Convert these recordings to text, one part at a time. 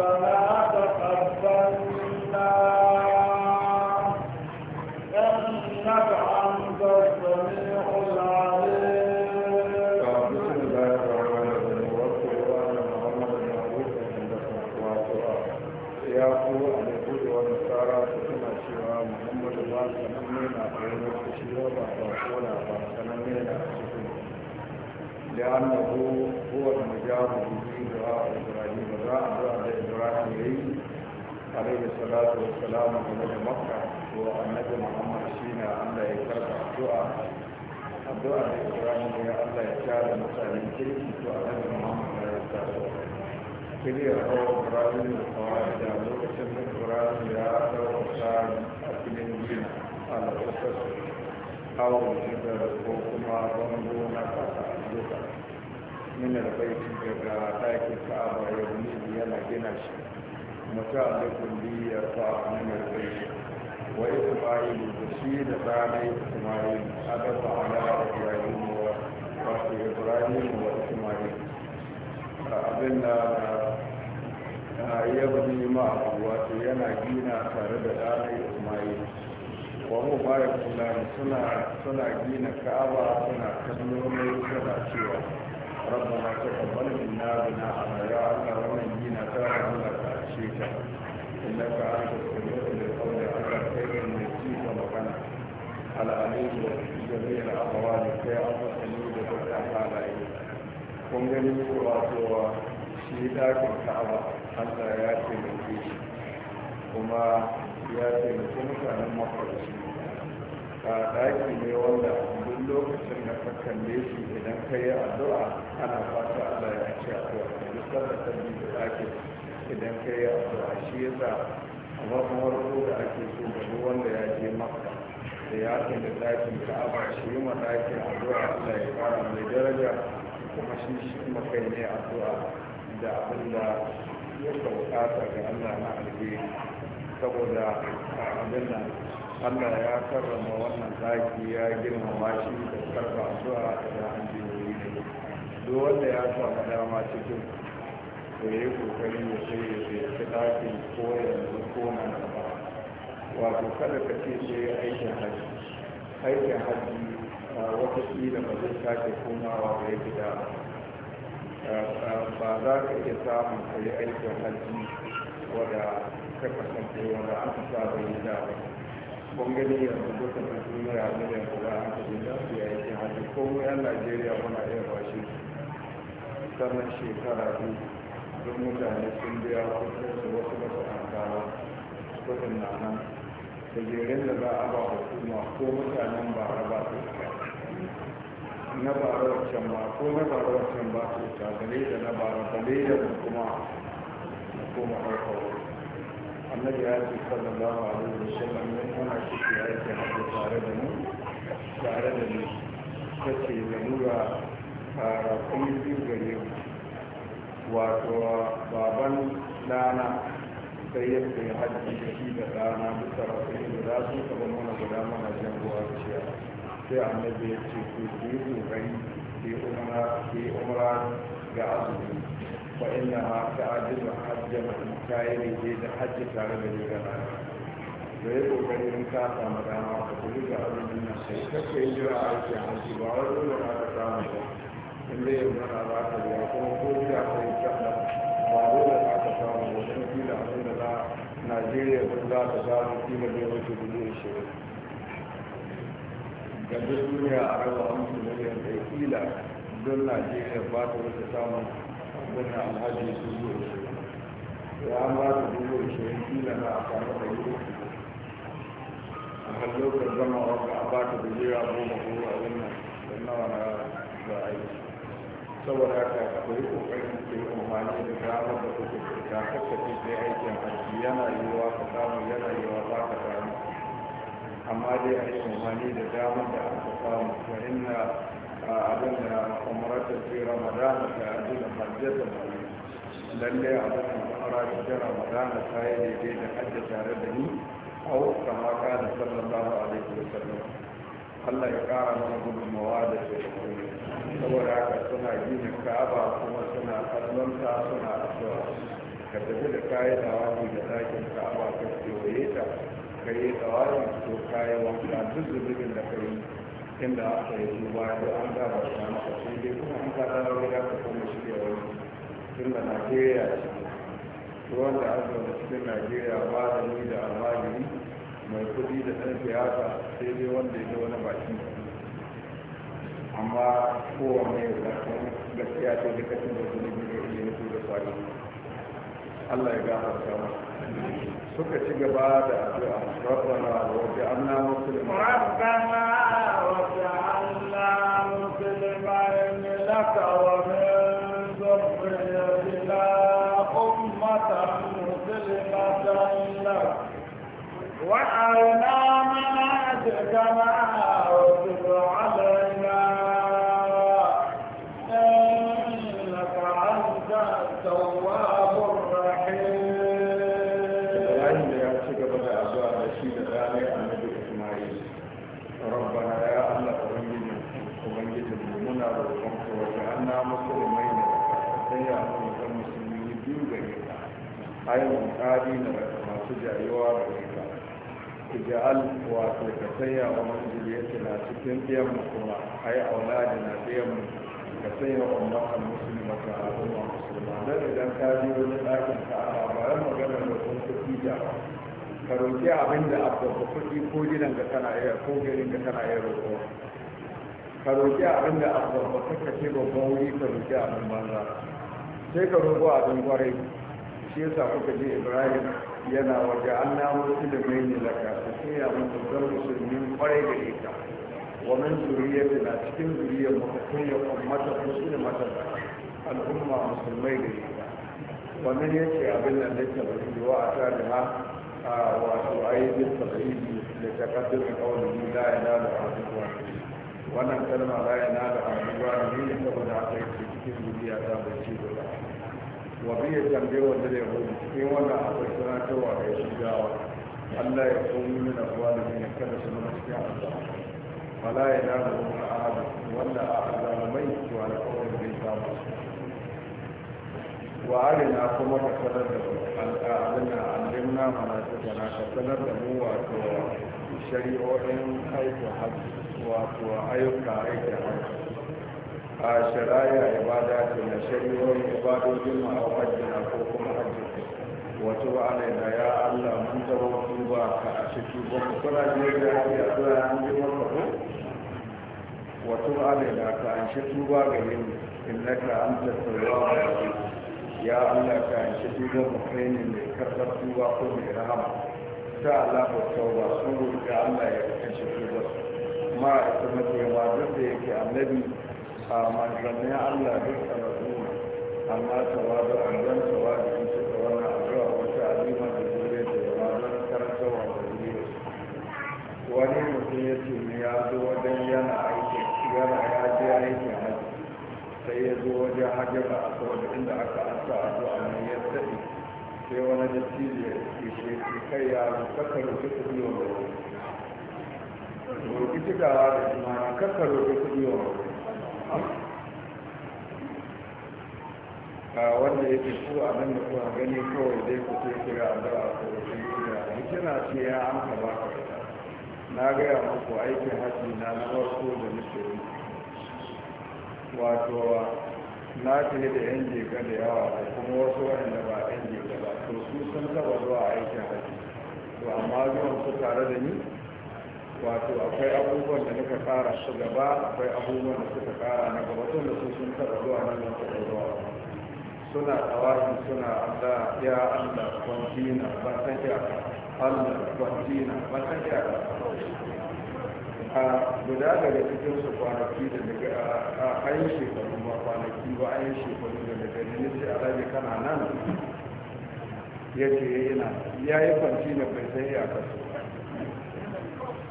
ربنا mutanen kirki to a nan muhammad ya rasa su kiri a kawo ƙwararri da kawai da lokacin da ƙwararri ya kawo ƙwararri a filin gina a lafasar su kawo da ko kuma bango na kasa a duka min albaiti daga ɗakin ka'aba ya wuni yana gina shi mutu a lokacin biyar fa min albaiti وإسماعيل تشيد ثاني إسماعيل أدب على إبراهيم فاتي إبراهيم وإسماعيل أبنى يبني معه وأتينا جينا تارد آل إسماعيل وهو بارك الله سنة سنة جينا كعبة سنة كنومي سنة شوى ربنا تقبل منا بنا على يا الله ومن جينا تارد لك أشيك إنك أنت السميع لقول على خير من السيف ومكانك على أمين جميع الأقوال في أمر kun gani cewa cewa shi dakin ka'aba hanta ya taimake shi kuma ya taimake mutanen makwarci a daki ne wanda duk lokacin da ka kalle shi idan ka yi addu'a ana fata allah ya ce addu'a duk sanda ta bi da dakin idan ka yi addu'a shi ya sa a mafi da ake so da duk wanda ya je maka da ya da dakin ka'aba shi yi ma dakin addu'a allah ya fara mai daraja kuma shi shi makai ne zuwa da abin da ya ta ga allah na alheri saboda abin nan allah ya karrama wannan zaki ya girmama shi da karfa addu'a da yi ne duk wanda ya samu dama cikin da ya yi kokari ya sai ya ziyarci ɗakin ko yanzu koma nan ba? wato kada ka ce sai aikin hajji aikin hajji ta watakila ba zai sake komawa da ya gida ba za ka iya samun ka yi aikin hajji wadda ka kasance wanda an ka sa bai gida ba kun gani yanzu duka da duniya miliyan guda an ka gida su yi aikin hajji ko mu yan najeriya muna iya bashi sannan shekara biyu don mutane sun biya kudin su wasu ba su an kudin na nan da jerin da za a ba hukuma ko mutanen ba a ba su na bara wancan ba ko na bara wancan ba ce ta takale da na bara bale da kuma kuma farko annabi ya ce sallallahu alaihi da sallam ne ana ciki ya ce hadu tare da mu tare da ni ce da nura fara kuma biyu gare mu wato baban dana sai ya ce hajji da shi da dana duka rafi da za su taba mana guda mana jan ruwa ciyar sai annabi ya ce ku yi kokari ki umara ki umara ga azumi fa inna ha ta'dilu hajjan in yi ne da hajji tare da ni ga nan da ya kokari in ka samu dama ka kuli ga azumin nan sai ka ce jira aiki hajji ba wani dole ka ka samu ba in dai yau na za ka biya kuma ko jira sai ka ba dole ka ka samu wajen fila abin da za Najeriya kun za ta samu kila bai wuce dubu ishirin ga duk duniya a raba hamsin miliyan da kila don najeriya ba ta wata samun wannan alhaji su zuwa shi ya ba ta dubu ashirin kila na a samu da yi a halittar zama wanda a ba ta gajera goma ko a wannan nawa na za a yi saboda haka akwai kokarin ke umarni da damar da kuka ta kakkace sai aikin hajji yana yiwuwa ka samu yana yiwuwa ba ka samu amma dai a yi umarni da damar da aka samu garin a abin da umarata fi ramadana ta yi da da mai lallai abin da umarata ramadana ta yi daidai da hajji tare da ni au maka da sallallahu alaihi wa sallam Allah ya kara mana gudunmawa da shekaru saboda haka suna gina kaba kuma suna kallon suna addu'a ka tafi da kayan da wani da ɗakin ka'aba ka ta ka yi tsawari to ka wanka duk zubin da ka yi inda aka yi duba da an gaba da maka sai dai kuma an ka da wani ka kuma shirya wani tun da najeriya ce wanda an zaune cikin najeriya ba da ni da almajiri mai kudi da ɗan siyasa sai dai wanda ya wani baki amma kowane gaskiya ce duka cin da zunubi ne iya nufi da kwari Allah ya gafarta masa suka ci gaba da addu'a rabbana wa ja'alna muslimin rabbana wa ja'alna muslimin wa min dhurriyyatina ummatan muslimatan lak wa arina ja'al wato ka sanya wa manziliyarsa na cikin ɗiyan kuma a ai auladi na ɗiyan ka sanya wa makan musulma ka al'umma musulma don idan ka je wani ɗakin ka a bayan maganar da kun kuɗi da ka roƙi abin da abubuwa kuɗi ko gidan ka tana iya ko garin ka tana iya roƙo ka roƙi abin da abubuwa kuka ce babban wuri ka roƙi abin banza sai ka roƙo abin kwarai shi yasa kuka je ibrahim yana waje an namu su da mai ne laka su abin da dukkan musulmin kwarai da ita wa zuriya da na cikin zuriyar mu ka sanya mata da al'umma musulmai da ita wannan ce abin da na ke bari wa a ta da ha wato ayyukan sabari da takaddun kawai da ya da abubuwa wannan kalma la ya da abubuwa ne saboda aka yi cikin zuriya ta bai ci da wa biya tambaye wanda da yahudu cikin wannan akwai sanatarwa da ya shigawa allah ya komi mana kuwa da mai kada su nuna cikin azaba fala ya dana wani ahadu wanda a azalamai cewa da kawai zai samu wa na kuma ka sanar da al'adun na alimna na suka na ka sanar da mu wato shari'o'in aikin hajji wato ayyuka aikin hajji a shari'a ibada ta na shari'o'in ibadojin ma'awajen na ko kuma hajji wato ba alaina ya allah mun zama duba ka a ciki ba mu kuna ne da a allah ya hanji maka ko wato ba alaina ka an shi tuba ga yin inaka an tattaura ba ya allah ka an shi tuba ga kaini mai karɓar tuba ko mai rahama ta alaƙar ba tauba sun ga allah ya kashe tuba ma a ita mace ma duk da yake annabi a manzannin allah duk sanatu amma tawadu an don tawadu in suka wani addu'a wata alima da zuriya da yawa don karantarwa da zuriya wani mutum ya ce mu ya zo wajen yana aikin yana ya je aikin hajji sai ya zo wajen hajji ba a kawai inda aka ansa addu'a mai ya daɗe sai wani dattijo ya ce kai ya kakar rufe kuɗi wa mai roƙi cikawa da jimana kakar rufe kuɗi wa mai a wanda ya ke su a nan da kuma gani kawai zai ku ce kira a zara a kira, duniya hikima ce ya an ka ba ka na gaya muku aikin hajji na na farko da nake yi wato na ce da yan jeka da yawa da kuma wasu wani waɗanda ba yan jeka ba to su sun taɓa zuwa aikin hajji to amma zuwan su tare da ni wato akwai abubuwan da suka fara su gaba akwai abubuwan da suka fara na gaba tun da su sun taɓa zuwa nan da suka zuwa suna tsawahi suna allah ya allah kwantina ban san iyaka allah kwantina ban san iyaka a guda daga cikin su kwanaki da daga a ayin shekaru ba kwanaki ba ayin shekaru da daga ne a rage kana nan ya ce yana eh, ya yi kwantina bai sai ya kasu.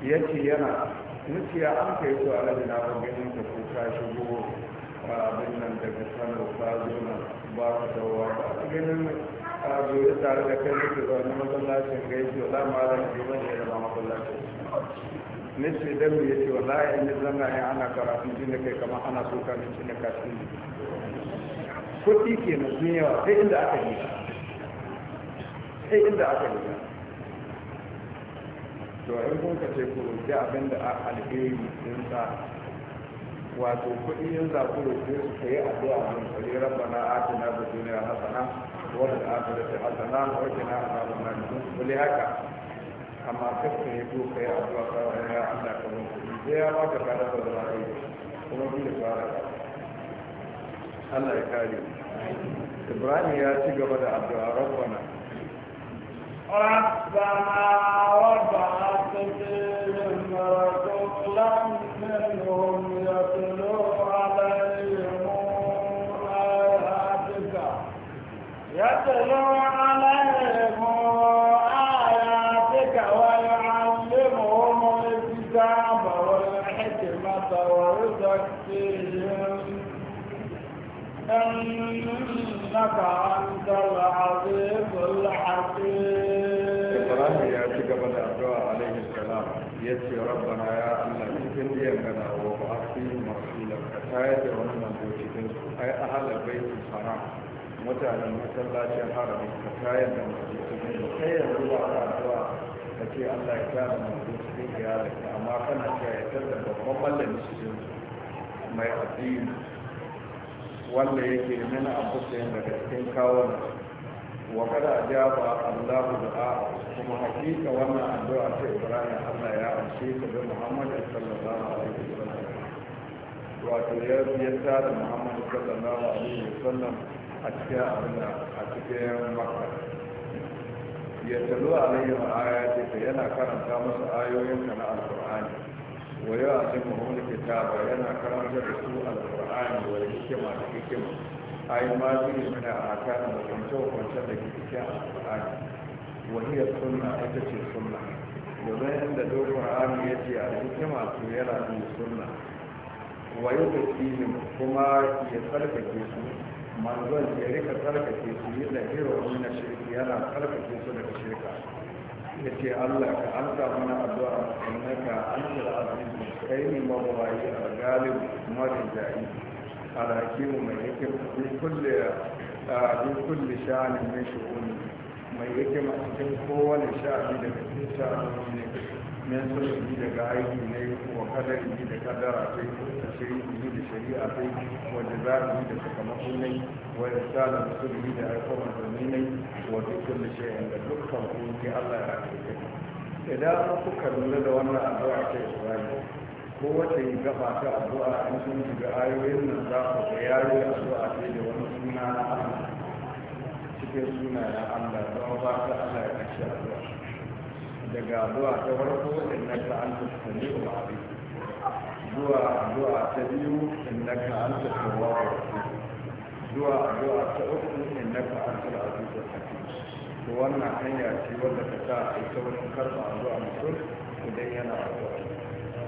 ya ce yana nuciya an kai su alaji na ganin ka ko ka shigo abin nan daga sanar ba zo na ba da dawowa ba ganin a zuwa tare da kai nufi zaune masallacin ba wala da ke ya da masallacin na nufi dan ya ce wala ya yi zanga ya ana karatun jin da kai kamar ana soka ne cin da kasin kuɗi ke na sun yawa sai inda aka yi sai inda aka yi to in kun ka ce ku roƙi abin da a alheri sun sa wato kuɗi yin za ku roƙe su ka yi addu'a mun kare rabbana atina bi dunya hasana wa fil akhirati hasana wa qina adhaban nar kun haka amma kafin ya zo ka yi a ka ya Allah ka mun kuɗi sai ya baka kada ba zama rai kuma bi da fara Allah ya kare Ibrahim ya ci gaba da abu addu'a rabbana ربنا وبعث فيهم رسولا منهم يتلو عليهم آياتك يتلو عليهم آياتك ويعلمهم الكتاب والحكمة ويزكيهم إنك أنت العظيم الحكيم ibrahim ya ci gaba da addu'a alaihi salam ya ce rabbana ya allah cikin biyan gana wa ba a fi masulan ka tayar da wani manzo cikin su ai a halabai su sana mutanen masallacin harami ka tayar da manzo cikin su kai yanzu ba a addu'a ka ce allah ya tara manzo cikin iyalai, amma kana cewa ya tarda babban mallami cikin su mai addini wanda yake nuna abu sayan daga cikin kawo wa kada ajaba Allahu du'a kuma hakika wannan addu'a ce Ibrahim Allah ya amshi ta da Muhammad sallallahu sallam wato ya yarda da Muhammad sallallahu alaihi wa sallam a cikin abinda Makka ya tallu alaihi wa ayati fa yana karanta musu ayoyin kana alqur'ani wa ya'tihi hulu kitaba yana karanta da su alqur'ani wa hikima da hikima a yi ne suna a kanan da kwance-kwance da ke cikin al'adu ya sunna ita ce sunna domin inda dokar ami ya ce a hikima su yana ne sunna wayo da da kuma ya tsarkake su manzon ya rika tsarkake su yi da hero na shirki yana tsarkake su daga shirka ya ce allah ka an mana addu'a annaka an jira azizu kai ne yi a galibu marin jari الحكيم من يكم في كل في كل شأن من شؤونه من يكم أكن قوة لشأن من شأن من من سلسل لقائه إليه وقدره لقدره تشريعه لشريعته وجزائه لتكمقونه وإرسال رسوله لأيقوم الزميني وفي كل شيء لتكفر الله يعافيك إذا أردت أن أدعو أن أدعو yi gaba ta addu'a in sun shiga ayoyin nan za ku ga yayi addu'a ce da wani suna na Allah cikin suna na Allah don ba ta Allah ya kashe addu'a daga addu'a ta farko ka anta samiu abi zuwa addu'a ta biyu ka anta tawwab rahim zuwa addu'a ta uku ka anta al al hakim to wannan hanya ce wanda ta sa a yi saurin karɓa addu'a mutum idan yana addu'a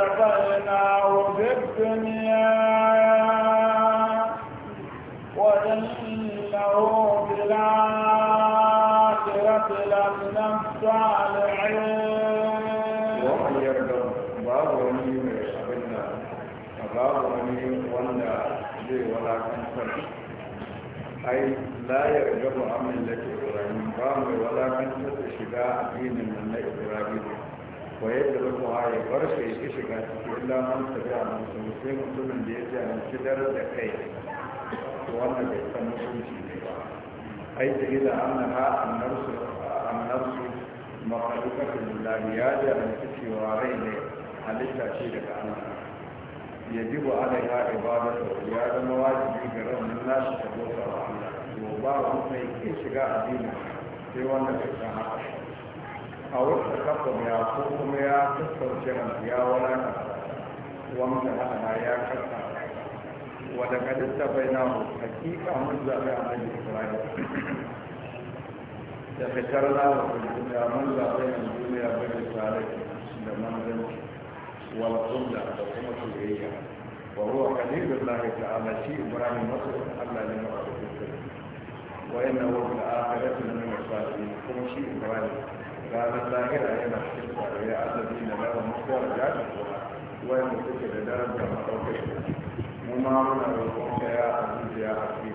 ابتغيناه في الدنيا وإنه في الآخرة ومن يرضى من أي لا يرغب عمل لك إبراهيم باب ولا كنفر شجاع دين من إبراهيم wayar da wasu haye bar ka yi shiga cikin lamar ta ga mutum sai mutumin da ya ji an cidar da kai wannan bai san mutunci ne ba ai da ila annaha annarsu annarsu makhluqatun lillahi ya ji an cewa rai ne halitta ce daga Allah يجب عليها عبادته يا زما واجبي غير من الناس تبوس الله وبارك فيك شجاع دينك في ta في a wata kafa ya ko kuma ya sassauce ransu ya walaka wanda ana ya kasa wadda ta bai na mu hakika mun zaɓi a nan isra'ila da fitar lawa da duniya mun zaɓi a duniya bai tare da manzanci wal kulla da kuma soyayya wa huwa qalilul lahi ta'ala shi ibrahim masu Allah ne ma a cikin wa inna wa bil akhirati ranar lahira yana cikin tsarari a azabi na lafa mutuwar jajin kuma wanda suke da darajar maɗaukar mu ma muna roƙon ka ya azizi ya hafi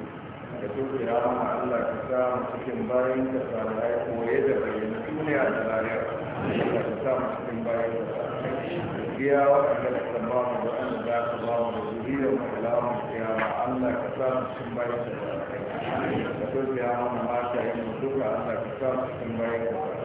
da tuka ya mana allah ka sa mu cikin bayan ka tsarari koye da bayyana duniya da lahira ka sa mu cikin bayan ka tsarari biya waɗanda ka ba mu waɗanda za ka ba mu da zuriyar mu da lawan kiyama Allah ka sa mu cikin bayan da ka so biya mana mata yin duka Allah ka sa mu cikin bayan da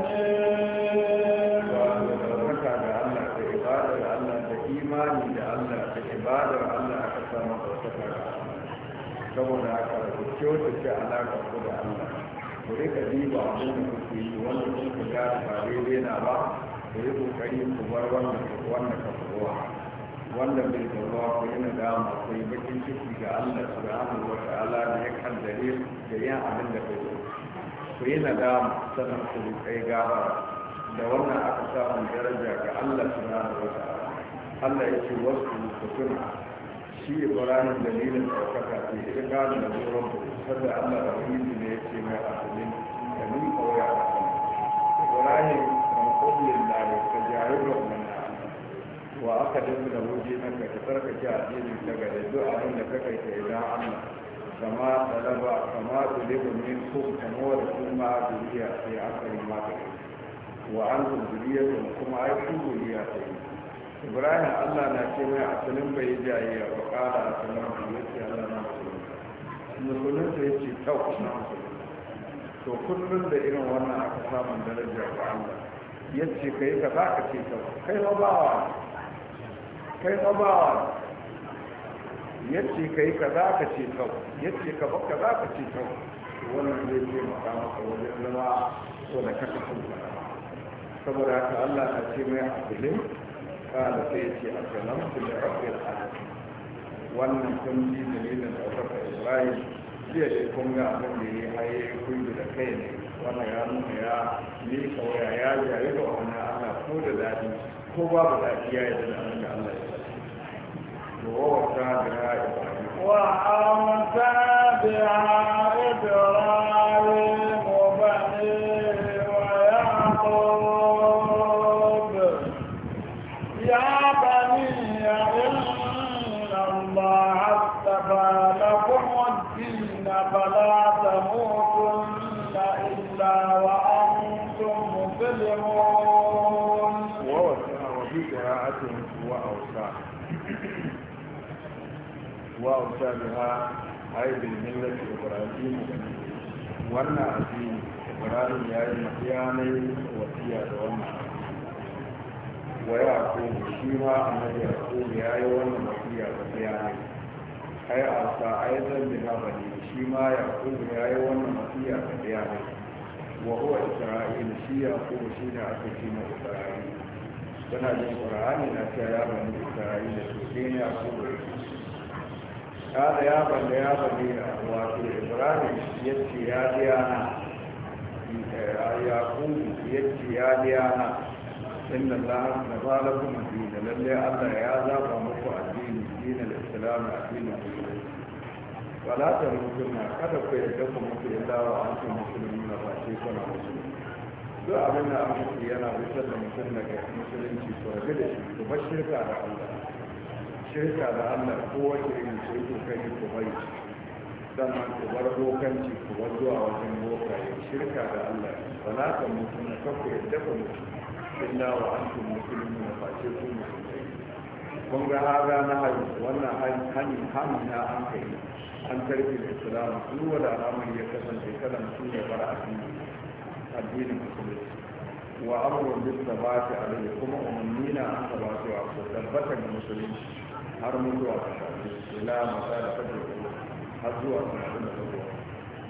saboda haka wata ce alaƙa ku da Allah ku rika diba abin da kuke yi wanda kun ku gane ba daidai na ba ku yi kokari ku bar wanda wanda ka furuwa wanda bai furuwa ku yi nadama ku yi bakin ciki ga Allah subhanahu wa ta'ala da ya kaddare da yin abin da bai yi ku yi nadama sannan ku kai gafara da wannan aka samu daraja ga Allah subhanahu wa ta'ala Allah ya ce wasu ku shi ibrahim dalilin ɗaukaka ce ita gane da tsoron sadda allah da wani ne ya ce mai asalin da ni kawai a kan ibrahim kan kullum na da ta jari rukun na wa aka dinga da wuje na ka tsarkake addinin ta gare duk abin da ka kai ta idan allah kama talaba kama tulibu min kum kama wa kuma duniya sai aka yi mata wa an zuriya kuma ai kun duniya sai ibrahim allah na ce mai asalin bai yi jayayya ba kala asalin ya ce allah na musulunta ya ce kyau na musulunta to kullum da irin wannan aka samun darajar ba allah ya ce ka yi ka za ka ce kyau kai ma bawa kai ma bawa ya ce ka yi ka za ka ce kyau ya ce ka ba ka za ka ce kyau wannan zai ce maka maka wajen zama ko wanda kaka sun saboda haka allah na ce mai asalin kala sai ce a su da rabbil alamin wannan kun ji dalilin ɗaukaka ibrahim jiya shi kun ga abin da ya haye kungi da kai ne wannan ya nuna ya miƙa waya ya jari da wani ana ko da daɗi ko babu daɗi ya yi da abin da allah ya sa ko wata da ya ibrahim wa amsa da وأوصى بها أي بالملة إبراهيم وأن أبي إبراهيم يا المحياني وفيا دون ويعقوب شيما أن يعقوب يا يوم وفيا وفياني أي أعطى أيضا بها بني شيما يعقوب يا يوم وفيا وفياني وهو إسرائيل شي يعقوب شينا أكتم إسرائيل سنة القرآن أتى يا بني إسرائيل سكين يعقوب kada ya balle ya a wato ibrahim ya ce ya biya na yakubu ya ce ya biya na inda allah na fara kuma lalle allah ya zaba muku addini dinin islam addinin musulmi wala ta musulma kada ku yarda ku mutu illa wa antum muslimuna ba ce kuna musulmi duk abin da an mutu yana fitar da mutum daga musulunci kuma rabu da shi kuma shirka da allah shirka da allah kowace irin shirkin kai ku bari sannan ku bar bokanci ku bar zuwa wajen boka ya shirka da allah ba za na kafa ya dafa mutu illa wa an tun musulmi ce face ku musulmai kun ga haga na hari wannan hanyar hanyar na an kai an tarfi da islam Su wanda al'amari ya kasance kalan mutum ya bar addini addinin musulunci wa amurin bisa ba ta alaihi kuma umarni na an ba su a ko tabbata ga musulunci har mutuwa ta shafi ila mata da kaje har zuwa tunanin da zuwa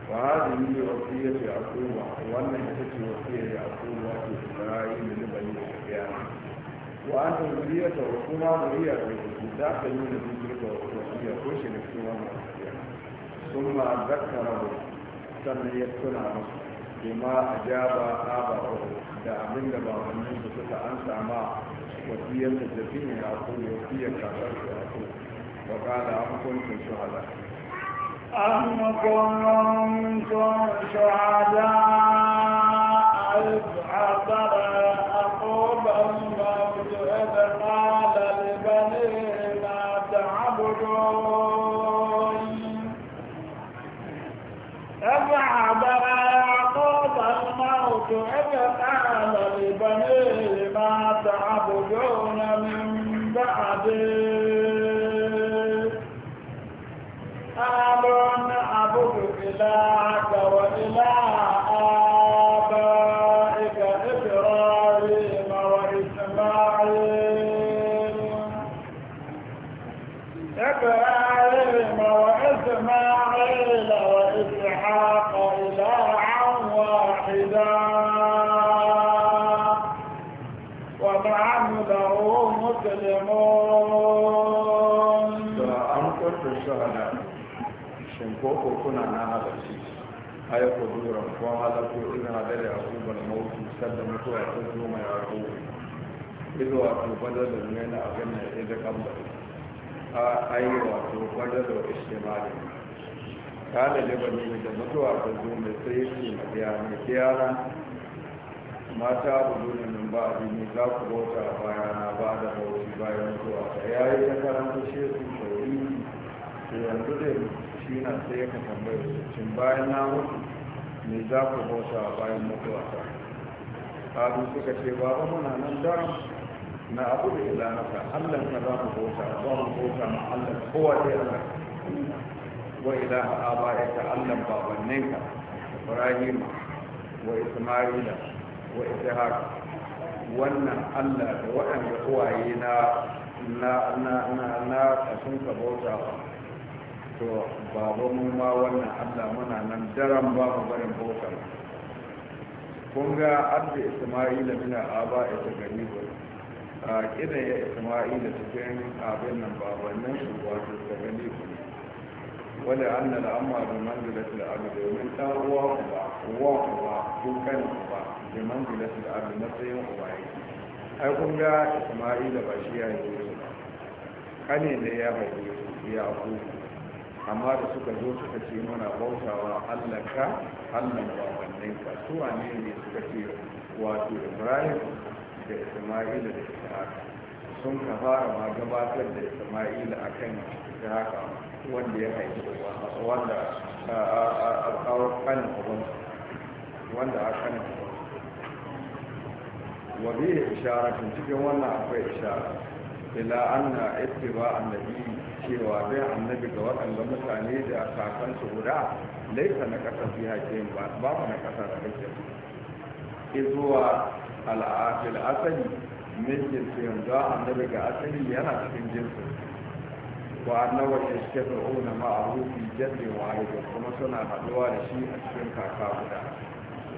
wa hadi ni wasiyya ya aquba wannan ita ce wasiyya ya aquba ke Ibrahim ne bani Isra'ila wa an zuriya ta kuma zuriya ta da ta yi da zuriya ta wasiyya ko shi ne kuma ثم ذكره sannan ya tuna musu bima ajaba aba'u da abin da babannin su suka an sama wasiyar da jami'in ya ku wasiyar kakar su a ku wa kala an kuntum shuhada أن أفعل لبني ما تعبدون من بعدي قالوا نعبد إلهك mutuwa ta zo mai wato ido wato badalo ne na abin na ita kamar a ayi wato badalo ishtimali kada da bane da mutuwa ta zo mai sai yake mabiya mai kiyara mata budu da nan ba abin za ku bauta a baya? Na ba da bauti bayan mutuwa ta yayi ta karanta shesu sauri to yanzu dai shi na sai ka tambaye su cin bayan na mutu me za ku bauta a bayan mutuwa ta kalu suka ce babu muna nan daram na abu da ilanaka allah ka za mu bauta ba mu bauta ma allah kowa dai allah wa ilaha abarika allah babanninka ibrahim wa ismaila wa ishaq wannan allah da waɗanda uwaye na na na na na sun ka bauta to baba mu ma wannan allah muna nan daram ba mu barin bauta kun ga adda isma'ila mina aba ita ba a kina ya isma'ila cikin abin nan babannin su wato ta gani kuma wadda an na amma da manzilar al'adu domin ɗan uwa uba uwa uba dukkan ba da manzilar al'adu matsayin uba yake ai kun ga isma'ila ba shi ya yi su ba kane ne ya haife su ya abubuwa amma da suka zo suka ce mana bautawa allaka allan babanninka su wane ne suka ce wato ibrahim da isma'ila da ishaq sun ka fara ma gabatar da isma'ila akan ishaq wanda ya haifi wanda a kawo kanin ubansa wanda a kanin ubansa wa bihi isharatun cikin wannan akwai ishara ila ba ittiba annabi cewa bai annabi ga waɗanda mutane da kakansu guda laisa na ƙasa fi haƙe ba babu na ƙasa da kake izuwa al'afil asali min jinsin za annabi ga asali yana cikin jinsin wa ma a ma'ahu fi jannati wahida kuma suna haɗuwa da shi a cikin kaka guda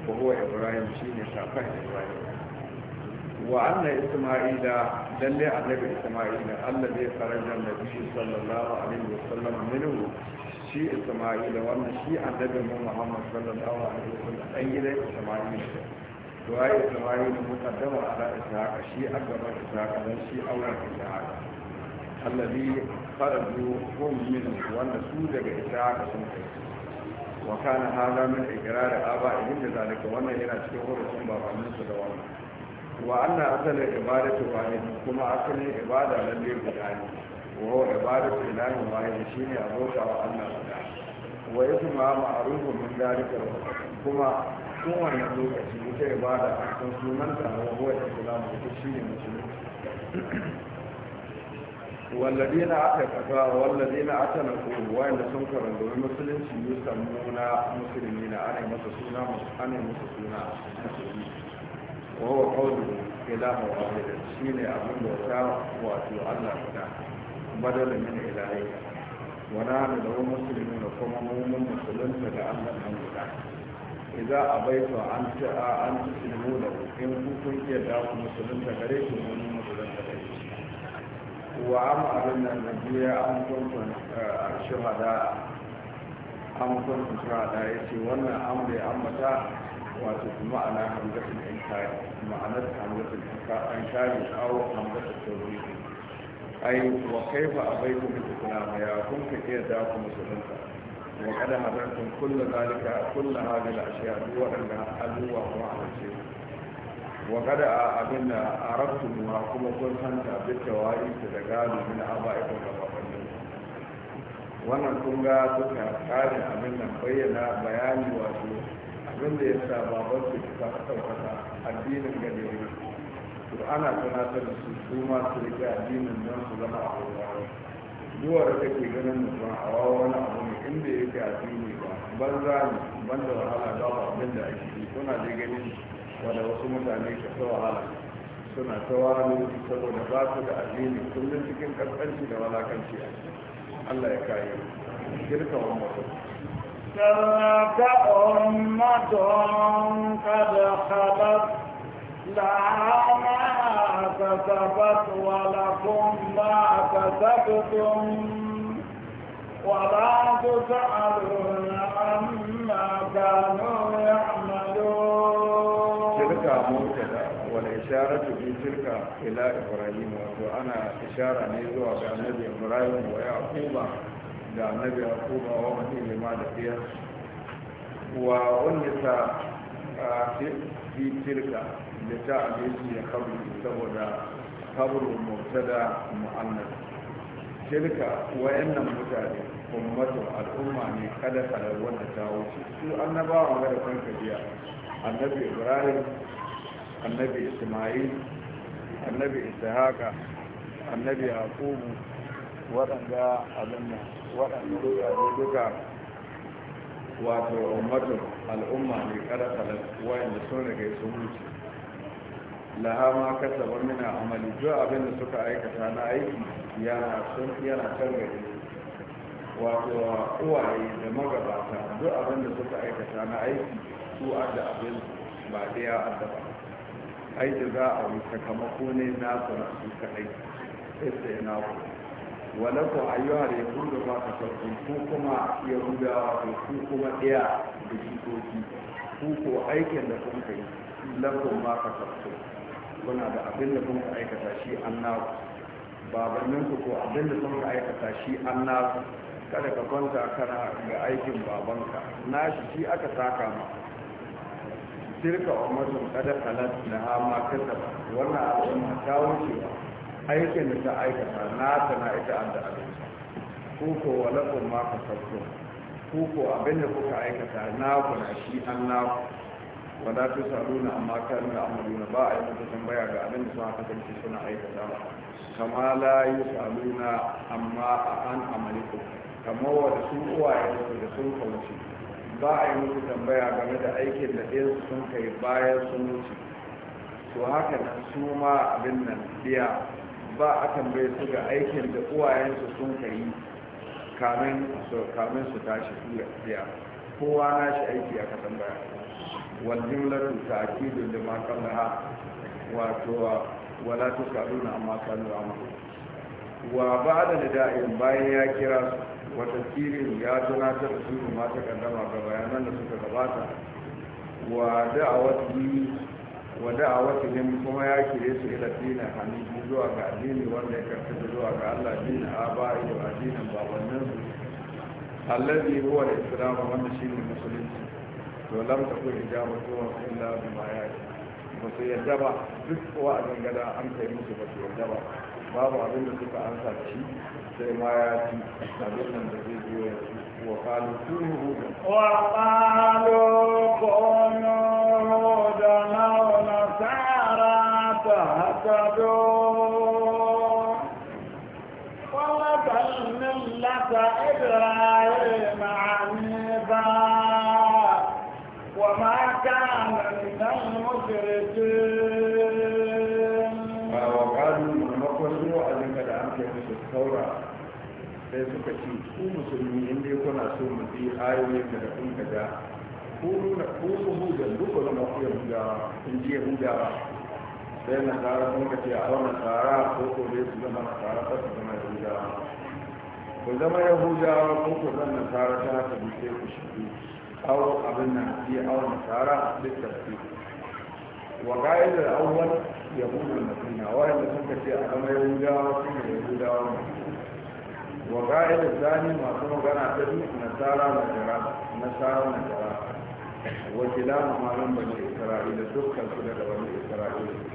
ko huwa ibrahim shine kakan ibrahim wa anna isma'ila lalle annabi isma'ila allazi faraja nabi sallallahu alaihi wasallam minhu shi isma'ila wannan shi annabi muhammad sallallahu alaihi wasallam dan gidan isma'ila to ai isma'ila muqaddama ala ishaqa shi agaba ishaqa dan shi auren ishaqa allazi faraju hum min wanda su daga ishaqa sun kai wa kana hada min iqrar aba'ihim da zalika wannan yana cikin hurucin babanninsu da wannan wa anna asalin ibadatu wahid kuma asalin ibada lalle guda ne wa ibadatu ilahi shine abota wa Allah guda wa yasma ma'rufu min dalika kuma wani lokaci ita ibada a kan sunanta wa huwa islamu ita shine musulunci والذين اعتقدوا والذين اعتنقوا وان سنكر دوي مسلمين musu مسلمين انا مسلمين انا wa وهو قول ilaha wahida ne abin bauta wato Allah guda badalin min ilahi wa nahnu lahu da kuma mu mun musulunta da Allah nan guda idza abaitu an ta'a an tuslimu lahu in ku kun ke da ku musulunta gare ku mun musulunta gare ku wa amma abin nan da nabiya an kuntum shuhada an kuntum shuhada yace wannan amri ya ta wato ma'ana hamzatul inkari ma'anar hamzatul inkari an share aw hamzatul tawhid ai wa kaifa abaitu bi islam ya kun ka iya da ku musulunta wa qad hadartum kullu zalika kullu hadhihi al-ashya wa anna alwa wa alashi wa qad abinda arabtum ma kuma kun hanta bi tawari da gado min abaiku da babannin wannan kun ga suka kare abin nan bayyana bayani wato wanda ya sa baban su ta saukata addinin gane ne to ana tunatar da su su ma su rike addinin don su zama a wani duwar da ke ganin mutum a wani abu ne inda ke addini ba Ban banza ne da wahala ba ba abin da ake yi suna da ganin wanda wasu mutane ke ta wahala suna ta wani saboda ba su da addini kullum cikin kaskanci da walakanci Allah ya kayi shirka wa mutum تلك أمة قد خلت لها ما كسبت ولكم ما كسبتم ولا تسألون عما كانوا يعملون تلك موتنا والإشارة في تلك إلى إبراهيم وأنا إشارة نزوى بأن إبراهيم ويعقوب da anabi yaquba wa wani ma da biyar wa wanda ta fi tirka da ta abinci ya kabri saboda kabrun mubtada mu'annas tirka wayannan mutane ummatu al'umma ne kada kada wanda ta wuce su annabawa ga da kanka biya annabi ibrahim annabi isma'il annabi ishaqa annabi yakubu waɗanda abin nan waɗanda mutane duka wato ummatun al'umma ne kada kalar wayanda sun riga sun wuce lahama kasa ba mina amali duk abin da suka aikata na aiki yana sun yana can gari wato uwaye da magabata duk abin da suka aikata na aiki su adda abin ba ɗaya adda ba aiki za a wuce kamako ne na su na su kaɗai sai sai na wuce Wa a walaku ayyuhar yahudu ba ka sauki ko kuma yahudawa ko kuma ɗaya da jikoki ko ko aikin da kun kai lakum ba ka sauki kuna da abin da kun ka aikata shi an annabi babanninku ko abin da kun ka aikata shi an annabi kada ka kwanta kana ga aikin babanka na shi shi aka saka ma tilka umatun kada halat laha ma kasaba wannan al'umma ta wucewa aikin da ta aikata ta na ita an da abin ku ko walakun ma ka sabto ku ko abin da kuka aikata na ku na shi an na ku wanda ta salu na amma ka da amalu na ba a yi mutu tambaya ga abin da sun haka kanci suna aikata ba kama la yi salu na amma a an amaliku kama wanda sun uwaye su da sun kauce ba a yi mutu tambaya game da aikin da su sun kai bayan sun wuce to haka su ma abin nan biya ba a tambaye su ga aikin da uwayensu sun kai kamin su tashi tuya kowa na shi aiki aka tambaya wal jumlatu ta'kidun da qablaha wato wala tusaluna amma kanu amma wa ba'da nada'in bayan ya kira su wa ya tunatar da su ma ta kaddama ga bayanan da suka gabata wa yi. wanda a ne kuma ya kire su ila dinin hamidu zuwa ga addini wanda ya karkata zuwa ga allah dinin aba'i da addinin babannin su allazi huwa da islam wanda shi ne musulunci to lam ta ku hijaba to illa bi ma ya ba su yadda ba duk wa a gangada an kai musu ba su yadda ba babu abin da suka ansa ci sai ma ya ci abin nan da zai biyo ya ci wa kalu tuhu wa kalu kono تهتدوا ومثل ملة إبراهيم عنيفا وما كان من المشركين وقالوا من مقصد وعلمك لأنك في الثورة sai suka ce ku musulmi in dai kuna so mu ji ayoyin da kun ka da ku nuna ku mu da duk wani mafi yahudawa in ji yahudawa sai nasara sun ka ce a hau nasara ko ko dai su zama nasara ta su zama yahudawa ku zama yahudawa ko ku zan nasara ta haka bi sai ku shi au abin nan fi au nasara duk tafi wa ka'idar awwal yahudun nasina wa'anda sun ka ce a zama yahudawa sun ka yahudawa wa ka'idar zani masu magana ta biyu nasara na jara nasara na jara wakilama malam bani isra'ila dukkan su daga bani isra'ila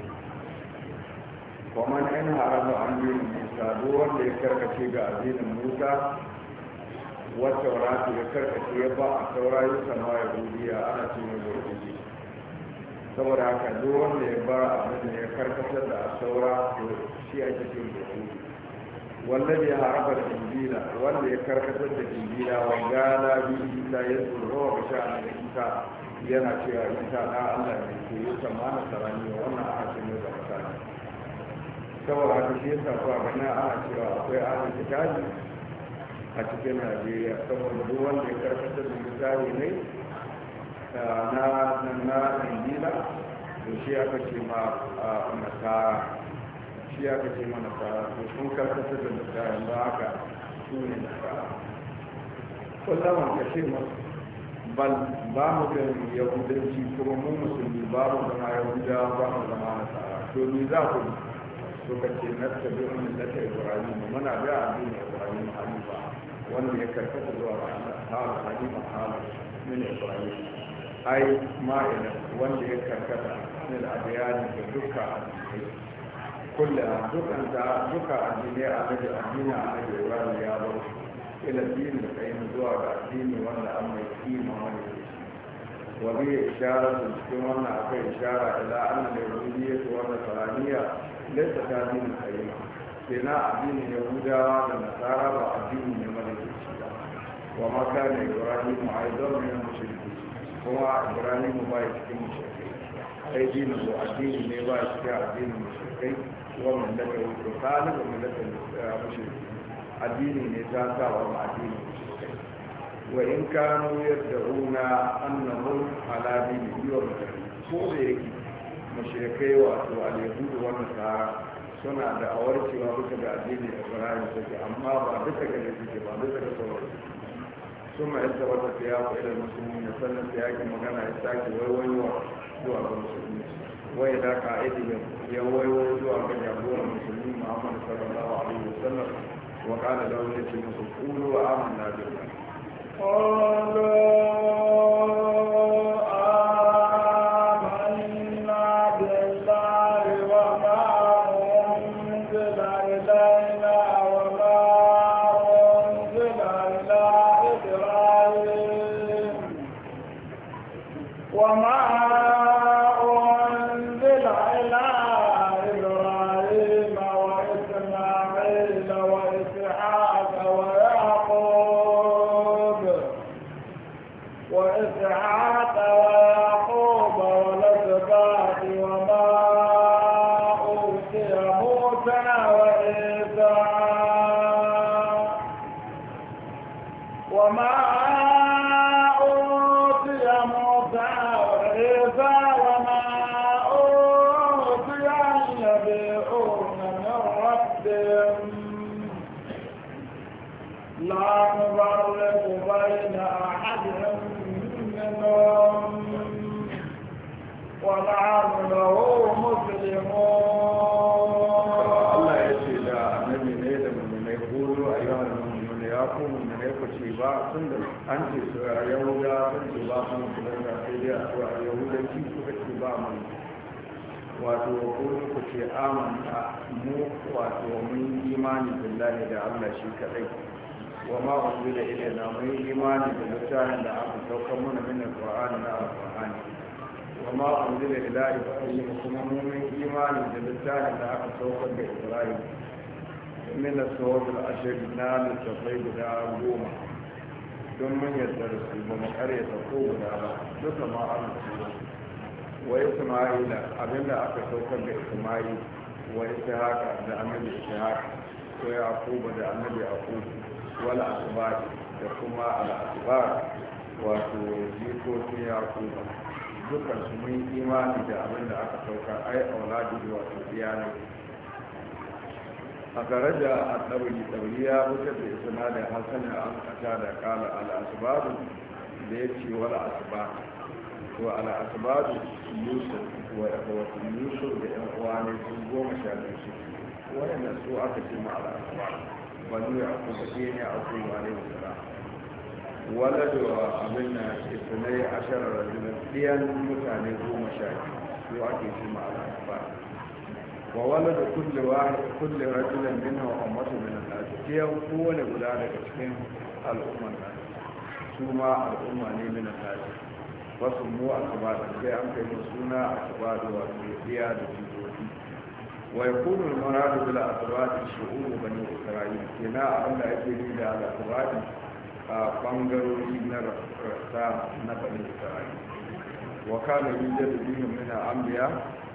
ومن انحرف عن دين موسى دون يكرك شيء دين موسى والتوراة يكرك شيء يبقى التوراة يسمى يهودية أنا سمي يهودية saboda haka duk wanda ya bar abin da ya karkatar da saura to shi ake cikin yahudi wanda ya haraba da injila wanda ya karkatar da injila wa gala biyu isa ya tsoro wa sha da isa yana cewa isa na allah ne ke yi samana sarani wannan aka ce saboda haka shi yasa ba gana ana cewa akwai ahlul kitabi a cikin najeriya saboda duk wanda ya karkatar da misali ne na na injila to shi aka ce ma nasara shi aka ce ma nasara to sun karkatar da misali ba haka su ne nasara ko kullum ka ce masu bal ba mu da yahudanci kuma mu musulmi ba mu zama yahudawa ba mu zama nasara to ni za ku yi. suka ce nasta bi wani zaka ibrahim muna bi abin ibrahim hanifa wanda ya karkata zuwa ga Allah ta'ala hanifa ta'ala min ibrahim ai ma'ina wanda ya karkata min adiyani da duka addinai kulla dukan da duka addinai a nabi addini a nabi ibrahim ya bar ila dinin da kai zuwa ga addini wanda an mai kima wani وبه إشارة في wannan akwai إشارة إلى أن اليهودية والنصرانية laisa ta dinin kayyama kenan addinin yahudawa da nasara ba addini ne malakaci ba wa ma kana ibrahim aidan min mushriki kuma ibrahim ba ya cikin mushrikai ai dini ko addini ne ba ya cikin addinin mushrikai wa man da kai ko kana da mallakar mushriki addini ne ta sa wa addini mushrikai wa in kanu yad'una annahum ala dini wa ko da yake mashirikai wato al-yahudu wa nasara suna da awarcewa bisa ga addinin ibrahim suke amma ba bisa ga da suke ba bisa ga sauran sun ma ta wata ta yawo irin musulmi na sannan ta yaƙi magana ya sake wa zuwa ga musulmi wai da ka aidin ya waiwaiwa zuwa ga jagoran musulmi muhammad sallallahu alaihi wasallam wa kana da wani ce musu kulu wa amanna billah Allah wato kuma ku ce amanta mu wato mun imani billahi da Allah shi kadai wa ma ile na mun imani da littafin da aka saukar mana min alqur'ani na alqur'ani wa ma da ila ibrahim kuma mun imani da littafin da aka saukar da ibrahim min as-sawab al-ashr na tsayi guda goma don mun yarda da su ba mu karyata ko guda ba duka ma Allah wa isma'ila abinda aka saukar da isma'il wa ishaqa da annabi ishaq wa yaqub da annabi yaqub wal asbab da kuma al asbab wato jikokin yaqub dukkan su mun imani da abinda aka saukar ai auladi wato iyalai a gare a annabi tsauri ya wuce da isna da hasan an kata da kala al asbab da yace wal asbab وعلى أسباب يوسف وإخوة يوسف لإخوانه ومشاكل وإن سوء أكتم على أسباب بنو يعقوب دين يعقوب عليه السلام ولد أبنا إثني عشر رجل ديا متعني ومشاكل سوء أكتم على أسباب وولد كل واحد كل رجل منه أمته من الناس كيف هو لولا لك الأمة الناس ثم الأمة من الناس wasu mu a kabata sai an kai suna a kabata wato biya da jikoki wa ya kuma maradu bila a da shi'uru bani isra'ila kena abin da ake yi da al'atabati a bangarori na rasa na bani isra'ila wa kana yi da dubihin mina ambiya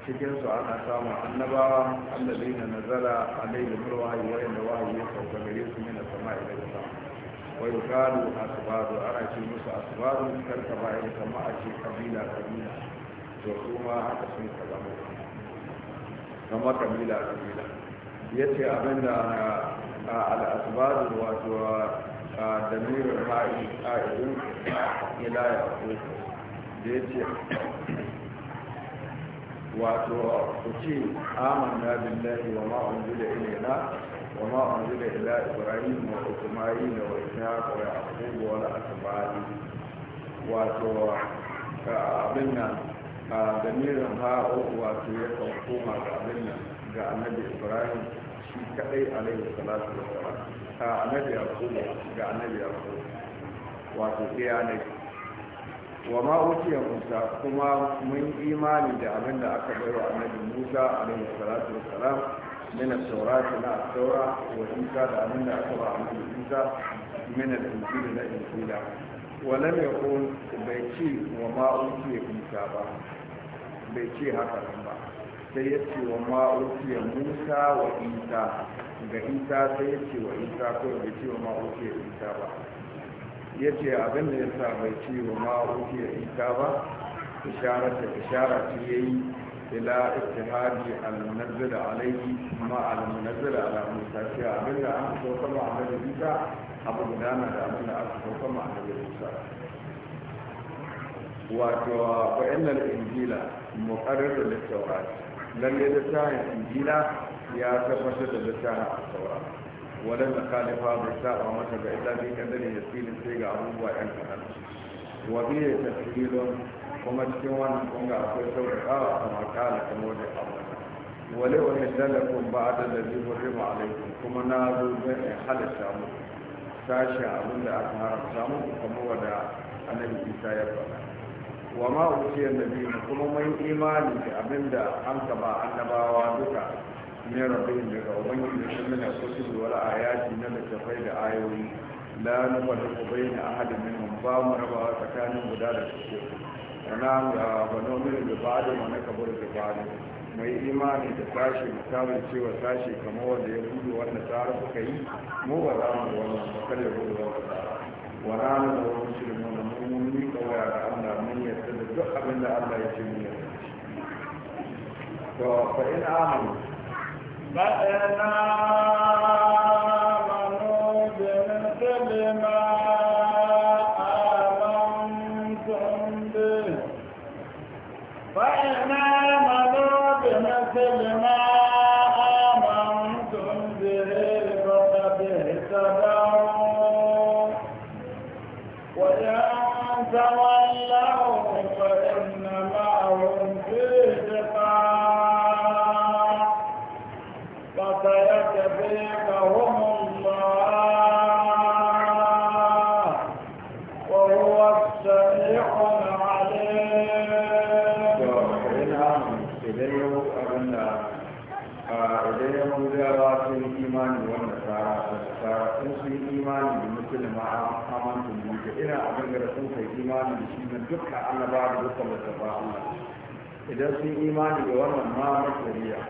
cikinsu ana samun annabawa allazina nazara alaihi wahayi da wahayi ya sauka gare su mina sama'i daga sama wai gano asibaru ana ce musu asibaru karka bayan kama a ce kabila kabila to kuma haka sun ka zama kama kabila kabila ya ce abin da al'asibaru wato a damirin ra'i a idin ila ya ko da ya ce wato ku ce amanna billahi wa ma'un jula ilaina وما أنزل إلى إبراهيم وإسماعيل وإسحاق ويعقوب والأسباط wato abin nan a damirin wato ya koma ga abin nan ga annabi ibrahim shi kadai alaihi salatu wa salam a annabi yakubu ga annabi yakubu wato ɗaya ne wa ma uciya musa kuma mun imani da abinda aka bai wa annabi musa salatu salam من التوراة لا التوراة والإنسى من أتبع من الإنسى من الإنسيل لا إنسيل ولم يقول بيتي وما أوتي موسى با بيتي هكذا با سيأتي وما أوتي موسى وإنسى ga isa sai ya ce wa isa ko bai ce wa ma'auki ya isa ba ya ce abin da ya sa bai ce wa ma'auki ya ba ishara ta ishara ta ya إلى اتهاج المنزل عليه ما على المنزل على مستشفى عبد الله عبد الله صلى الله أبو دانا عبد الله عبد الله صلى الله وإن الإنجيل مقرر للتوراة لن يدفع الإنجيل يا تفسد على التوراة ولن نخالف هذا الساعة وما تبع إلا في كذل يسيل السيقة أبوه وإن كان وفيه kuma cikin wannan kunga akwai sauƙaƙawa kamar kala kamar da abu wale wani dalakun ba da lalzi wurin alaikun kuma na zo zai in halitta mu sashen abin da aka haramta mu kuma wada annabi isa ya faɗa wa ma uciyar nabi kuma mun imani da abin da an ba annabawa duka min rabbihim daga ubangiji sun mina kutubi wal ayati na littafai da ayoyi la nufarriqu bayna ahadin minhum ba mu rabawa tsakanin guda da shi kanan da banomin da ba da mana kabar da ba mai imani da tashi misalin cewa tashi kamar wanda ya gudu wanda tsara suka yi mu ba za mu wani bakar ya gudu wanda tsara wana da wani musulmi na mun miƙa waya da allah mun yarda da duk abin da allah ya ce mun yarda to fa in amanu na آمنوا ba Allah idan sun imani da wannan ma masariya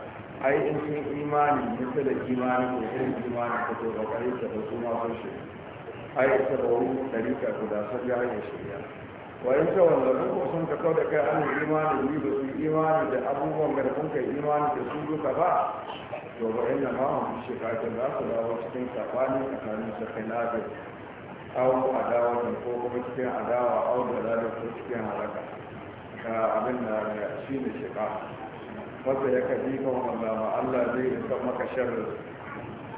ai in sun imani nisa da imani ko irin imani ka to bakari ta da su ma sun shi ai ta da wani dalika guda sun ya shirya wa in ta wanda ko sun ka da kai an imani ni da su imani da abubuwan da kun kai imani da su duka ba to ba inna ma mun shi ka ta za su dawo cikin tsakanin tsakanin na lafiya au adawa ko kuma cikin adawa au da zalar ko cikin halaka ka abin da shi ne shiƙa wanda ya kaji kan wanda ma Allah zai isa maka sharri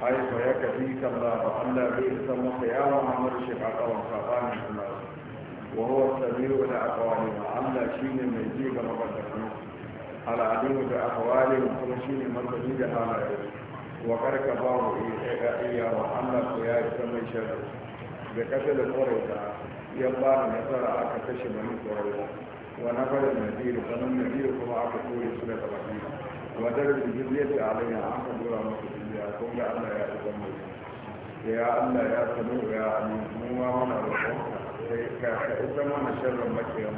ai fa ya kaji kan da ma Allah zai isa maka yawa Muhammad shiƙa kawan sabanin kuma wa huwa sabiru da aqwali ma Allah shine mai ji ga mabadakan al'adu da aqwali kuma shine masani da halaye wa karka ba mu iya iya wa Allah ko ya isa mai sharri da kasar ƙoraita ya ba da nasara aka kashe bani ƙoraita wa na fara nadiru sanan nadiru kuma aka kore su daga baki wa da rubu jizyati alayya aka dora musu jizya kun ga Allah ya yi zama ya Allah ya sanu ya amin mu ma muna roƙonka sai ka isa mana sharrin makiyan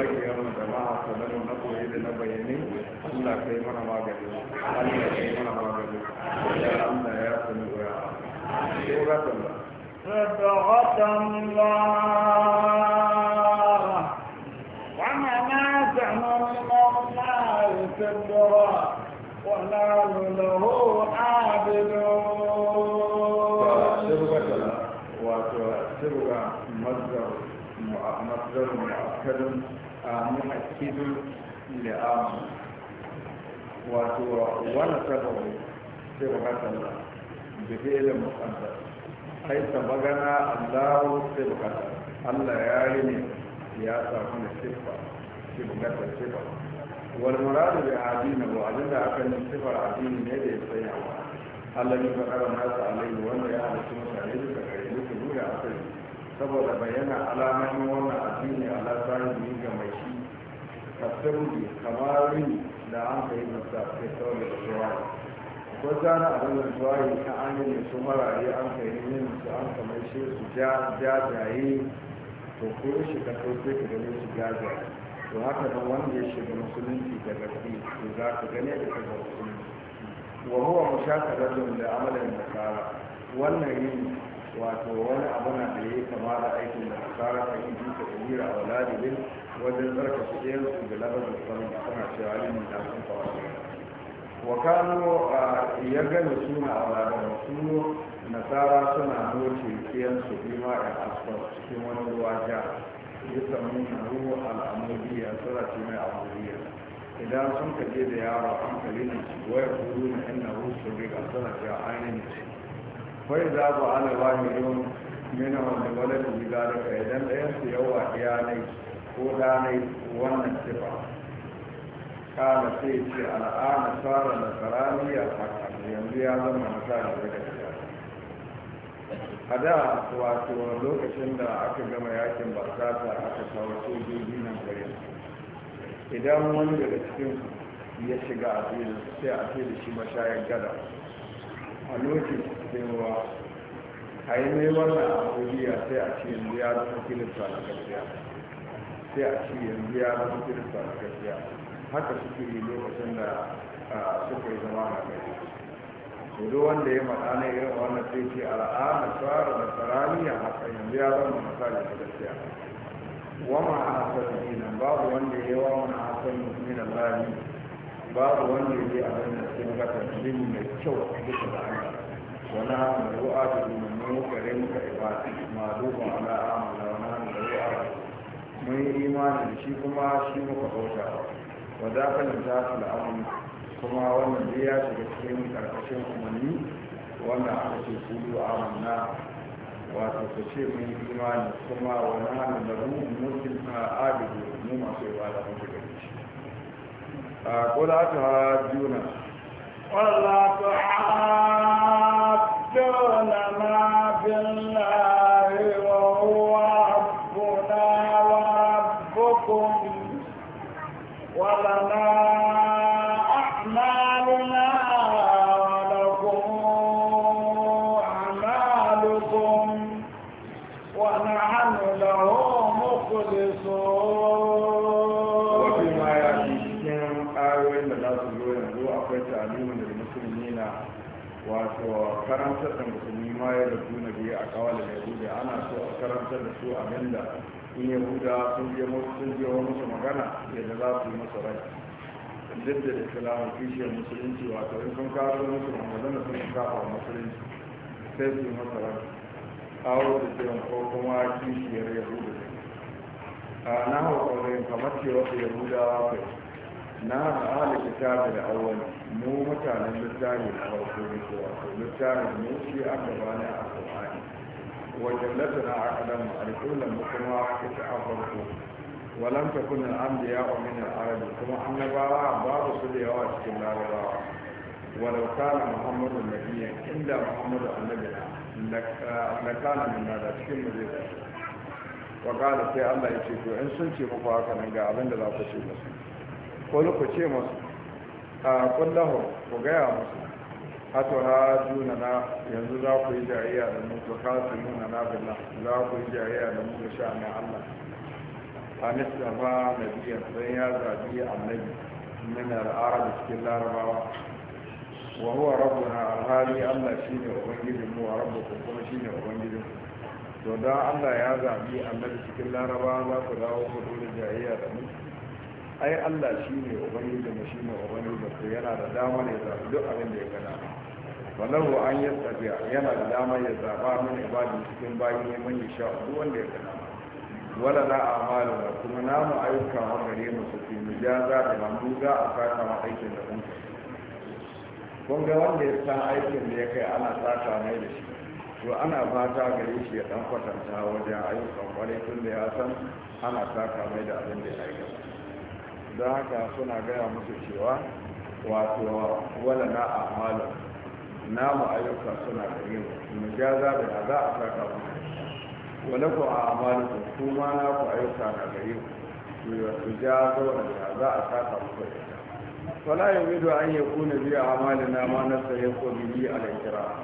makiyan da ma sanannu na koyi da na bayani Allah ka yi mana magani Allah ka yi mana magani ya Allah ya sanu ya amin sai صبغة الله ومنافع الله كبرى ونال له عابدون وتؤثرها مصدر مصدر مؤكد مؤكد لآمر وتوالى سبب صبغة الله بفعل مقدر haita magana allah sai bukata allah ya yi ne ya samu na siffa shi bukatar sifa wani muradu da adini ba da aka yi sifar adini ne da ya sanya wa allah ne fakarar nasa alaihi wanda ya halittu mutane duka gare duka nuna a kai saboda bayyana alamomin wannan addini ala ne ga mai shi kasirgi kamar rini da an yi masa kai saurin da wata na abin da zuwa yi kan an yi su marare an kai yin su an kamar shi su jajaye to ko shi ka kai sai ka gane su jajaye to haka nan wanda ya shiga musulunci da gaske to za ka gane da kaga musulunci wa huwa mushakaratun da amalan nasara wannan yin wato wani abu na da ya kama da aikin da nasara ta yi duka da hira a waladibin wajen su ɗayan su da labarin da suna cewa yin da sun fawa wa kano ya gani suna wadatar suno nasara suna noce su bima a asfar cikin wani ruwa ja ya samu nuru al'amuriya sarrafi mai amuriya idan sun kaje da yaro hankali ne ci waya kuru na ina rusu riga sarrafi a ainihin ci kwai za ba ana wahirun mina wanda wani da idan ɗayan su yawa iya ne ko ɗanai wannan sifa kana sai ce al'ana tsara na karami a hakan yanzu ya zama nasara da gaskiya a da wato lokacin da aka gama yakin basata aka kawo sojoji nan gare idan wani daga cikin ya shiga a filin sai a filin shi mashayar gada a lokacin cewa a yi mai wannan abubuwa sai a ce yanzu ya zama filin na gaskiya sai a ce yanzu ya zama filin na gaskiya haka suke yi lokacin da suka yi zama na gari duk wanda ya maɗa na irin wannan sai ce al'ana tsara da tsaraniya haka yanzu ya zama misali ta gaskiya wama a hasarar nan babu wanda ya yi wa wani hasarar mutumin Allah babu wanda ya yi abin da cikin gata jini mai kyau a duka da hanyar wani hannun ru'a da domin kare muka ibadi ma duba ala amala wani hannun ruwa mun yi imani da shi kuma shi muka bauta wa za ka lanta su la'amun kuma wannan dai ya shiga cikin karkashin umarni wanda aka ce kudu a manna wato ku ce mun imani kuma wani hannun da mu mutum a adibu mu masu ibada mun shiga ciki a kula ta juna ولا تعبدون ما في karantar da musulmi ma ya rasu na biya a kawalin yahuda ana so a karantar da su abinda in yahuda sun je sun je wa musu magana yadda za su yi masa rai duk da islamu kishiyar musulunci wato in sun kawo musu magana sun kafa musulunci sai su yi masa rai kawo da cewa ko kuma kishiyar yahuda a na hau kamar cewa wa kai na hada da awwalin mu mutanen littafin farko ne ko littafin mu shi an gaba ne a Qur'ani wajen latana a kadan alƙulan mu kuma ita a farko walam takun ya anbiya wa min al-arab kuma annabawa babu su da yawa cikin larabawa walau kana muhammadu nabiyyan inda muhammadu annabi na kana min da cikin mu zai wa qala sai Allah ya ce to in sun ce muku haka nan ga abin da za ku ce musu ko ku ce musu a kullahu ku gaya musu hatu ha juna na yanzu za ku yi jariya da mu ku kasu nuna na bila za ku yi jariya da mu ku sha na allah a nisafa nabiya don ya zaɓi annabi min al'arab cikin larabawa wa huwa rabbuna alhali allah shine ubangijin mu wa rabbukum kuma shine ubangijin mu to da allah ya zaɓi annabi cikin larabawa za ku dawo ku dole jariya da mu ai allah shi ne ubangiji mu shi ne ubangiji ku yana da dama ne zaɓi duk abin da ya gana walahu an yi tafiya yana da dama ya zaɓa min ibadi cikin bayi ne man ya sha duk wanda ya gana wala na amalu da kuma namu ayyuka wa gare mu su fi mu ja za da mamu za a saka ma aikin da kun kun ga wanda ya san aikin da ya kai ana saka mai da shi to ana fata gare shi ya dan kwatanta wajen ayyukan kwarai tun da ya san ana saka mai da abin da ya aikata don haka suna gaya musu cewa wato wala na amala, na ayyuka suna gare mu ja mujaza da za a saka musu wala ko a amalu kuma na ku ayyuka na gare ku mujaza da za a saka musu wala yamidu an yakuna bi na ma nasayaqu bihi al-ikram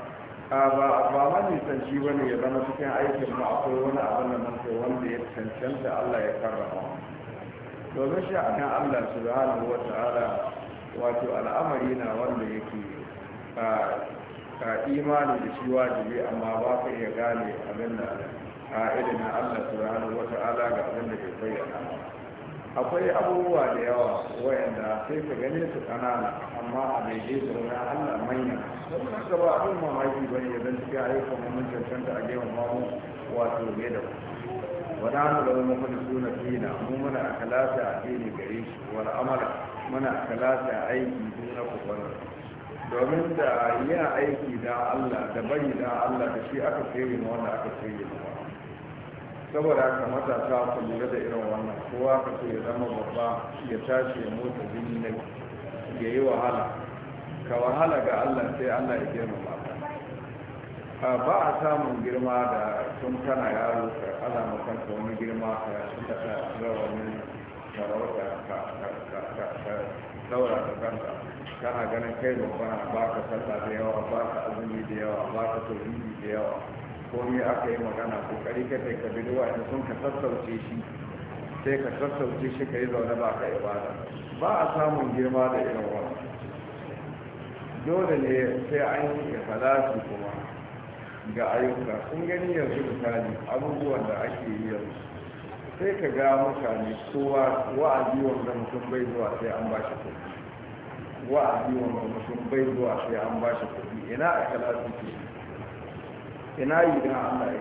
ba ba nisanci ba ne ya zama cikin aikin mu akwai wani abin da mun wanda ya cancanta Allah ya karrama domin sha'anin allah subhanahu wata ta'ala wato al'amari na wanda yake ka imani da shi wajibi amma ba ka iya gane abin da ka'ida na allah subhanahu wata ta'ala ga abin da ke bayyana akwai abubuwa da yawa wayanda sai ka gane su kanana amma a je su wani allah manya sun gaba abin mamaki bane ya zan ayyukan mun cancanta a gefen mamu wato ne da ku Wani suna ونحن لو مخلصون فينا ممنا أخلاص عديني قريش والأمر منا aiki أيدي دون كفر domin da yin aiki da Allah da bari da Allah da shi aka fiye na wanda aka fiye na saboda haka matasa ku lura da irin wannan kowa ka so ya zama babba ya tashi ya motsa jini na ya yi wahala ka wahala ga Allah sai Allah ya girmama ba a samun girma da tun kana yaro ka ala makanta wani girma ka suka ta min sarauta ka saura ka kanka kana ganin kai babban ba ka sallah da yawa ba ka azumi da yawa ba ka tauhidi da yawa komai aka yi magana kokari ka kai ka bidowa in sun ka sassauce shi sai ka sassauce shi ka yi zaune ba ka ibada ba a samun girma da irin wannan dole ne sai an yi ikhlasi kuma ga ayyuka sun gani yanzu misali abubuwan da ake yi yanzu sai ka ga mutane kowa wa'azi wanda mutum bai zuwa sai an ba shi kuɗi wa'azi wanda mutum bai zuwa sai an ba shi kuɗi ina a kalasu ke ina yi an allah ya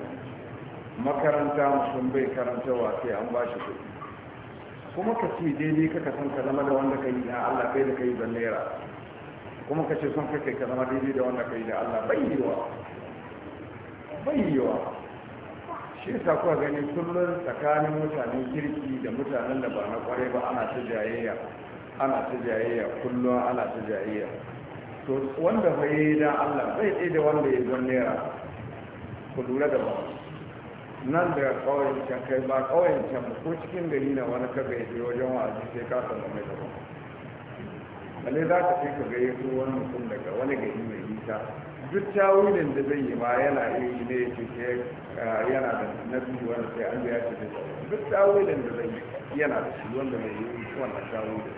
makaranta mutum bai karantawa sai an ba shi kuɗi kuma ka ce daidai kaka san ka zama da wanda ka yi na allah kai da ka yi ban naira kuma ka ce son kake ka zama daidai da wanda ka yi da allah bai yi wa bayyawa shi yasa kuwa gani kullum tsakanin mutanen kirki da mutanen da ba na kwarai ba ana ta jayayya ana ta jayayya kullum ana ta jayayya to wanda bai yi dan Allah bai tsaye da wanda ya zan naira ku lura da ba nan da kawai can kai ba kawai can ko cikin gari na wani kaga ya je wajen wa'azi sai ka san mai da ba balle za ka fi ka gayyato wani mutum daga wani gari mai nisa duk tawilin da zai yi ma yana yi ne ya ce yana da nabi wanda sai an biya shi duk tawilin da zai yi yana da shi wanda mai yi wanda tawilin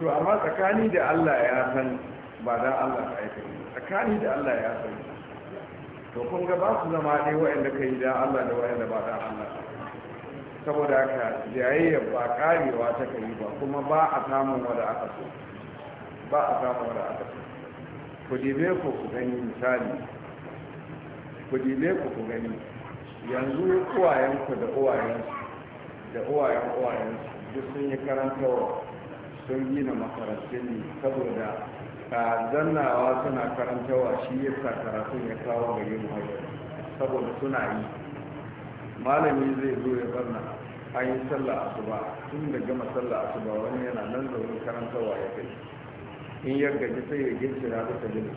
to amma tsakani da Allah ya san ba dan Allah ka aika tsakani da Allah ya san to kun ga ba su zama dai waɗanda kai da Allah da waɗanda ba dan Allah saboda haka jayayya ba karewa ta kai ba kuma ba a samun wanda aka so ba a samun wanda aka so ku dibe ku ku gani misali kudibe ku gani yanzu uwayenku da uwayensu da uwayen uwayensu duk sun yi karantarwa sun na makarantun ne saboda a zannawa suna karantarwa shi ya sa ya kawo gare mu hajji saboda suna yi malami zai zo ya zanna an yi sallah asuba tun da gama sallah asuba wani yana nan zaune karantarwa ya kai in ya gaji sai ya na duka jini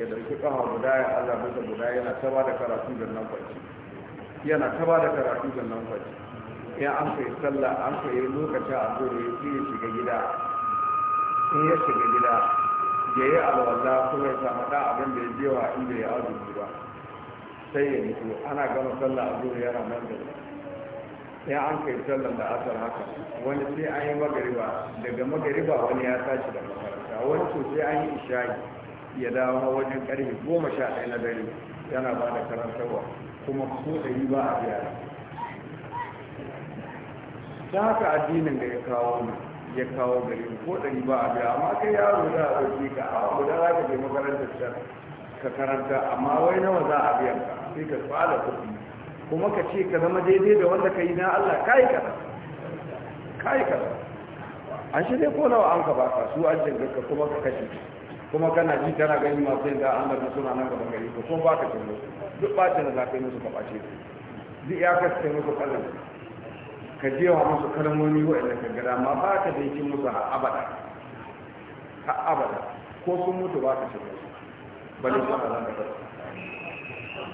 ya dauki kafa guda ya allah duka guda yana ba da karatu da nan kwanci yana ba da karatu da nan kwanci ya an kai sallah an kai lokacin a zo ya ce shiga gida in ya shiga gida ya yi alwala kuma ya samu da abin da ya je wa inda ya azumi ba sai ya mutu ana gama sallah a zuwa yana nan da ya an kai sallar da asar haka wani sai an yi magariba daga magariba wani ya tashi da masarar kwanta wani sosai an yi ishayi ya dawo wajen karfe goma sha ɗaya na dare yana ba da karantarwa kuma ko ɗari ba a biya ta haka addinin da ya kawo mu ya kawo gari ko ɗari ba a biya amma kai yaro za a ɗauki ka a guda za ka je makarantar can ka karanta amma wai nawa za a biyan ka sai ka tsada kuɗi kuma ka ce ka zama daidai da wanda ka yi na Allah kai kaza kai kaza an shirya ko nawa an ka baka su an ka kuma ka kashe kuma kana ji kana gani masu yin da an da suna nan gaba gari ko ba baka cin musu duk bacin da za ka yi musu ka bace su duk ya ka sai musu kallon ka je wa musu kalmomi waɗanda ka gada ma ba ka da yakin musu a abada a abada ko sun mutu ba ka cin musu bale su a zanga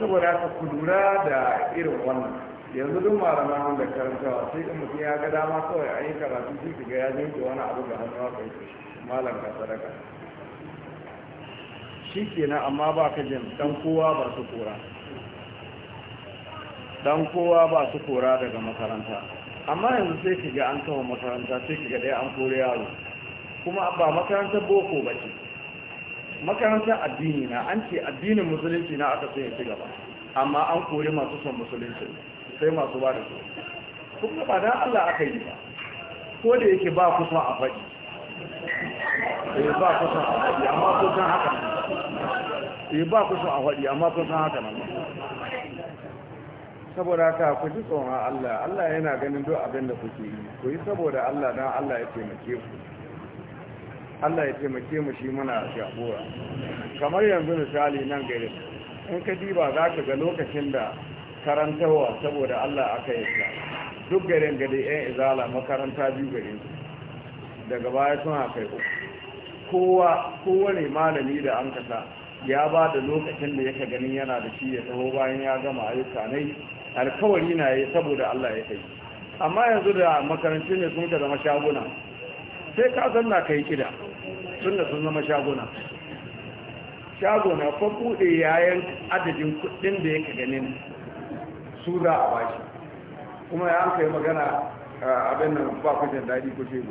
saboda ka kudura da irin wannan yanzu duk malama mun da karantawa sai in mutum ya ga dama kawai an yi karatu sai ka ga ya jinke wani abu ga hannu kai yi malam ka sadaka shi kenan amma ba ka jin dan kowa ba su kora dan kowa ba su kora daga makaranta amma yanzu sai ka ga an kawo makaranta sai ka ga dai an kore yaro kuma ba makarantar boko ba ce makarantar addini na an ce addinin musulunci na aka sai ya ci gaba amma an kori masu son musulunci sai masu ba da su kuma ba da Allah aka yi ba ko da yake ba kusan a faɗi eh ba kusan a faɗi amma kusan haka eh ba kusan a faɗi amma kusan haka nan saboda haka ku ji tsoron Allah Allah yana ganin duk abin da kuke yi ku yi saboda Allah dan Allah ya taimake ku Allah ya taimake mu shi muna shafura. kamar yanzu misali nan gari. in ka diba za ka ga lokacin da karantarwa saboda Allah aka yi ta duk garin gari yan izala makaranta biyu garin daga baya sun haka uku kowa kowane malami da an kasa ya ba da lokacin da yake ganin yana da shi ya taho bayan ya gama ayyuka ne alkawari na yi saboda Allah ya kai amma yanzu da makarantu ne sun ka zama shaguna sai ka san na kai kida sun da sun zama shaguna shaguna ko bude yayan adadin kuɗin da yake ganin su za a bashi kuma ya an kai magana abin nan ba ku jin daɗi ku ce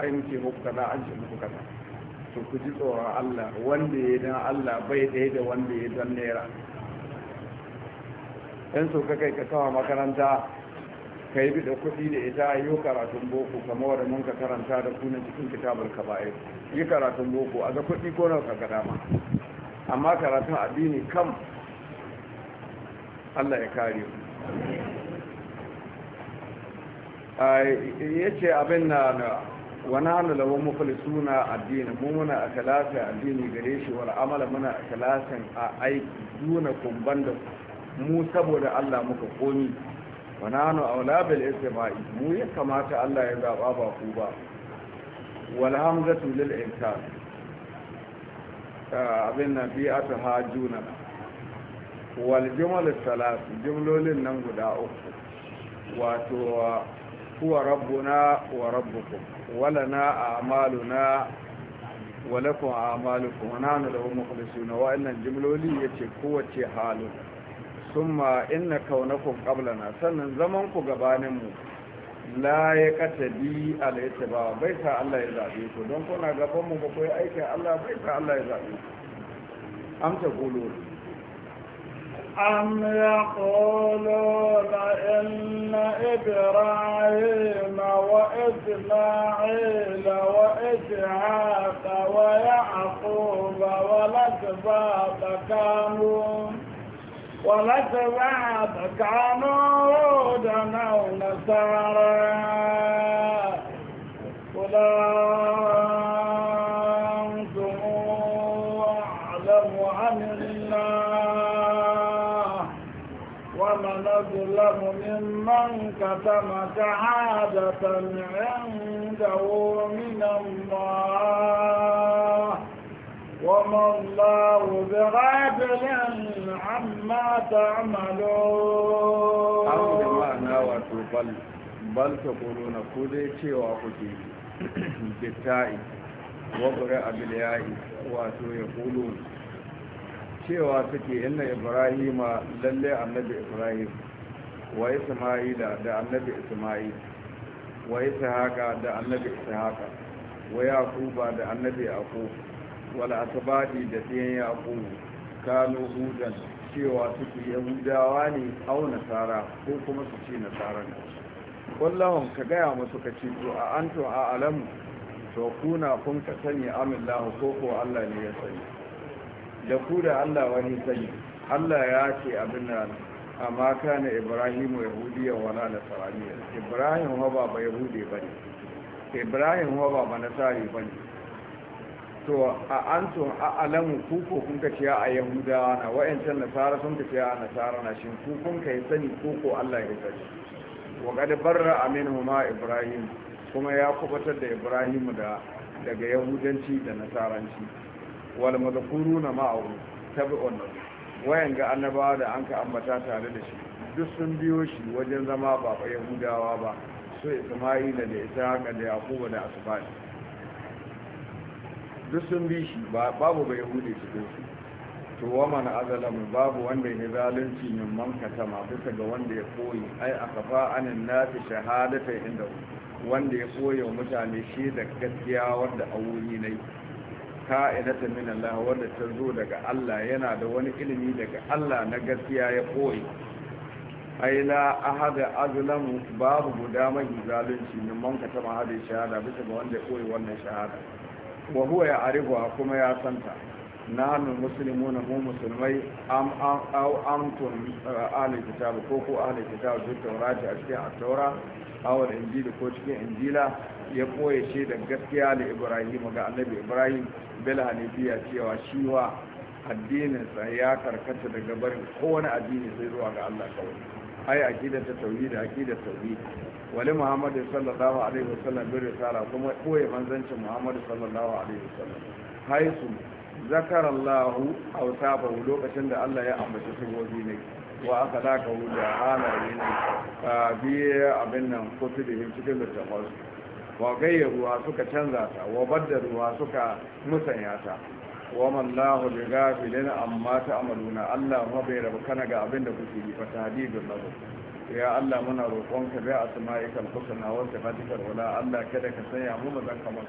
an ce muku kaza an ce muku kaza to ku ji tsoron Allah wanda ya dan Allah bai ɗaya da wanda ya dan naira yan so ka kai ka kawo makaranta ka yi da kuɗi da ita yi karatun boko kama wadda mun ka karanta da kuna cikin kitabar ka bayan yi karatun boko a ga kuɗi ko nawa ka ga dama amma karatun addini kam Allah ya kare mu ya ce abin na wani hannu da wani na addini mu muna a kalasin addini gare shi wani amala muna a kalasin a aiki duna kumban da mu saboda Allah muka komi wani hannu a isma'i mu ya kamata Allah ya zaɓa ba ku ba walhamzatu lil insan abin na bi'atu hajuna wal jumal salat jumlolin nan guda uku wato huwa rabbuna wa rabbukum walana a'maluna wa lakum a'malukum wa nahnu lahu mukhlisuna wa innan jumloli yace kowace halu summa inna kaunakum na. sannan zaman ku gabanin mu la ya katabi bi alaita ba bai sa Allah ya zaɓe ku don kuna gaban mu ba ku yi aikin Allah bai sa Allah ya zaɓe ku amsa kulolu أم يقولون إن إبراهيم وإسماعيل وإسحاق ويعقوب والأسباط كانوا والأسباط كانوا هودا أو نصارى أولئك أظلم ممن كتم شهادة عنده من الله وما الله بغافل عما تعملون أعوذ بالله وتقبل بل تقولون كذي وأخذي بالتائي وقرأ باليائي وأتو cewa suke inna ibrahima lalle annabi ibrahim wa isma'ila da annabi isma'il wa ishaqa da annabi ishaqa wa yaquba da annabi yaqub wal asbadi da tiyan yaqub kanu hudan cewa suke yahudawa ne au nasara ko kuma su ce nasara ne kullahun ka gaya musu ka ce to a anto a alamu to kuna kun ka sani amillahu ko ko Allah ne ya sani da ku da Allah wani sani Allah ya ce abin nan amma kana ibrahim yahudiya wala nasraniya ibrahim huwa ba yahudi bane ibrahim huwa ba nasari bane to a antum a alamu kuko kun ka ciya a yahuda na wa'ancan nasara sun ka ciya a nasara na shin ku kun ka sani kuko Allah ya sani wa kada barra aminhuma ibrahim kuma ya kubatar da ibrahim da daga yahudanci da nasaranci wal madhkuruna ma'ahu tabi'un wayan ga annabawa da an ka ambata tare da shi duk sun biyo shi wajen zama ba ba yahudawa ba su isma'ila da ishaqa da yaquba da asbani duk sun bi shi babu ba yahudi ko su to wa man azalamu babu wanda ya zalunci min man katama bisa ga wanda ya koyi ai akafa anan nasi shahadatan inda wanda ya koyo mutane shi da gaskiya wanda a wuri ne ka'idatan min Allah wanda ta zo daga Allah yana da wani ilimi daga Allah na gaskiya ya koyi aila ahada azlam babu guda mai zalunci min man ka taba shahada bisa ga wanda ya koyi wannan shahada wa huwa ya arifu kuma ya santa nanu muslimuna mu musulmai am au amtum eh, ahli kitab ko ko ahli kitab zai taurati a cikin at-taura aw injili ko cikin injila ya koye shi da gaskiya da ibrahim ga annabi ibrahim bil hanifiya cewa shi wa addininsa ya karkata daga barin kowane addini sai zuwa ga Allah kawai ai a aqida ta da tauhid aqida tauhid wali muhammad sallallahu alaihi wasallam bi risala kuma koye manzancin muhammad sallallahu alaihi wasallam haisu zakarallahu awsafahu lokacin da Allah ya ambaci sigogi ne wa aka ka da halaye ne a biye abin nan kotu da yin cikin littafansu wa gayyaruwa suka canza ta wa baddaruwa suka musanya ta wa mallahu bi gafilin amma ta amaluna Allah ma bai rabu kana ga abin da kuke yi fa tahdidun lahu ya Allah muna roƙonka bi asma'ikal husna wa sifatikal ula Allah kada ka sanya mu mazan kamar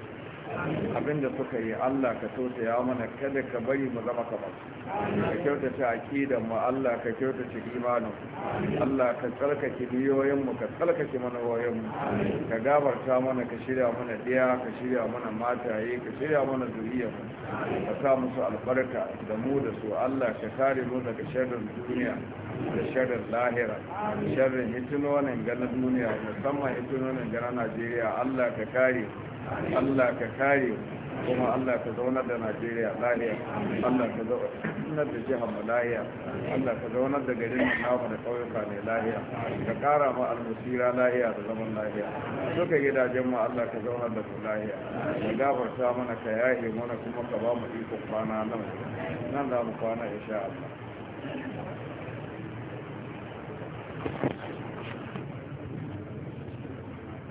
abinda suka yi Allah ka tausaya mana kada ka bari mu zama kamar ka kyautata aqidan mu Allah ka kyauta kyautata imanin Allah ka ki biyoyin mu ka mana wayoyin mu ka gabarta mana ka shirya mana diya ka shirya mana mataye ka shirya mana zuriya mu ka sa musu albarka da mu da su Allah ka kare mu daga sharrin duniya da sharrin lahira sharrin hitinonin ganin duniya musamman hitinonin ganin Najeriya Allah ka kare Allah ka kare kuma Allah ka zaunar da Najeriya lahiya Allah ka zaunar da jihar mu lahiya Allah ka zaunar da garin mu namu da ƙauyuka ne lahiya ka kara mu almusira lahiya da zaman lahiya duka gidajen mu Allah ka zaunar da su lahiya ka gafarta mana ka yahe mana kuma ka ba mu iko kwana nan nan za mu kwana insha Allah